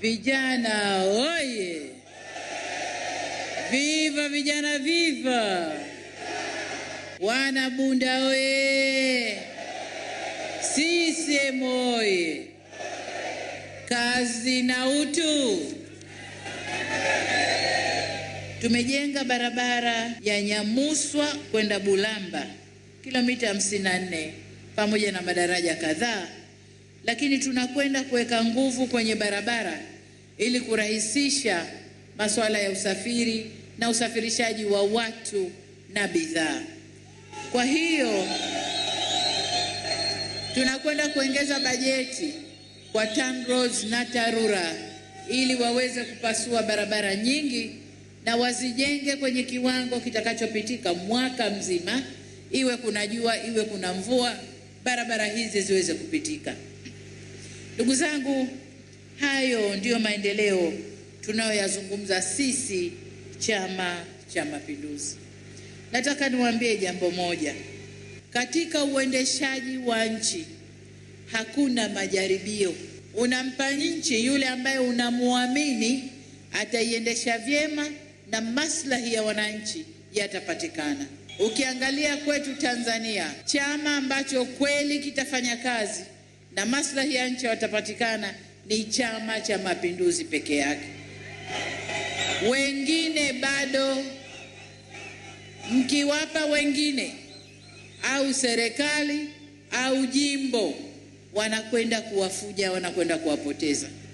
Vijana oye! Viva vijana, viva! Wana Bunda oye! CCM oye! Kazi na utu. Tumejenga barabara ya Nyamuswa kwenda Bulamba kilomita 54 pamoja na madaraja kadhaa lakini tunakwenda kuweka nguvu kwenye barabara ili kurahisisha masuala ya usafiri na usafirishaji wa watu na bidhaa. Kwa hiyo tunakwenda kuongeza bajeti kwa TANROADS na TARURA ili waweze kupasua barabara nyingi na wazijenge kwenye kiwango kitakachopitika mwaka mzima, iwe kuna jua, iwe kuna mvua, barabara hizi ziweze kupitika. Ndugu zangu, hayo ndiyo maendeleo tunayoyazungumza sisi Chama cha Mapinduzi. Nataka niwaambie jambo moja, katika uendeshaji wa nchi hakuna majaribio. Unampa nchi yule ambaye unamwamini ataiendesha vyema na maslahi ya wananchi yatapatikana. Ukiangalia kwetu Tanzania, chama ambacho kweli kitafanya kazi na maslahi ya nchi watapatikana ni Chama cha Mapinduzi peke yake. Wengine bado mkiwapa wengine au serikali au jimbo, wanakwenda kuwafuja, wanakwenda kuwapoteza.